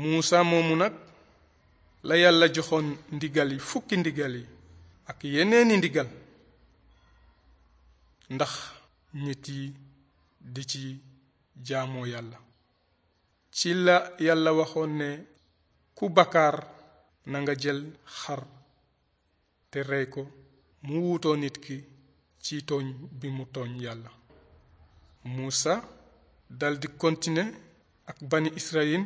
Muusa moomu nag la yàlla joxoon ndigal yi fukki ndigal yi ak yeneeni ndigal ndax nit yi di ci jaamoo yàlla ci la yàlla waxoon ne ku bakkaar na nga jël xar te rey ko mu wuutoo nit ki ci tooñ bi mu tooñ yàlla Muusa daldi kontine ak bani Israyil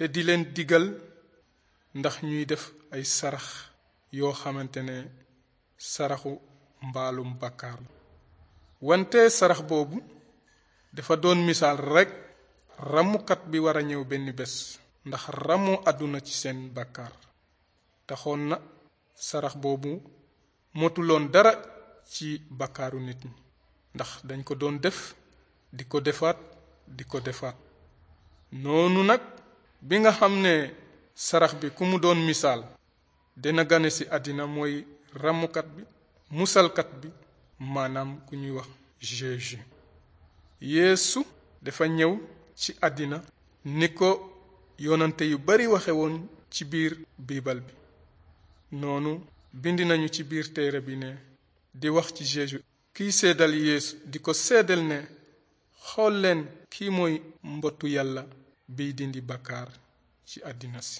te di leen diggal ndax ñuy def ay sarax yoo xamante ne saraxu mbaalum bàkkaar la wante sarax boobu dafa doon misaal rekk ràmmukat bi war a ñëw benn bés ndax ramu àdduna ci seen bàkkaar taxoon na sarax boobu motuloon dara ci bàkkaaru nit ñi ndax dañ ko doon def di ko defaat di ko defaat noonu nag bi nga xam ne sarax bi ku mu doon misaal dina gane ci àddina mooy ràmmukat bi musalkat bi maanaam ku ñuy wax Jésus yéesu dafa ñëw ci àddina ni ko yoonante yu bari waxe woon ci biir biibal bi noonu bind nañu ci biir téere bi ne di wax ci Jésus kiy seddal Yeesu di ko seddal ne xool leen kii mooy mbottu yàlla biy dindi bàkkaar ci àddina si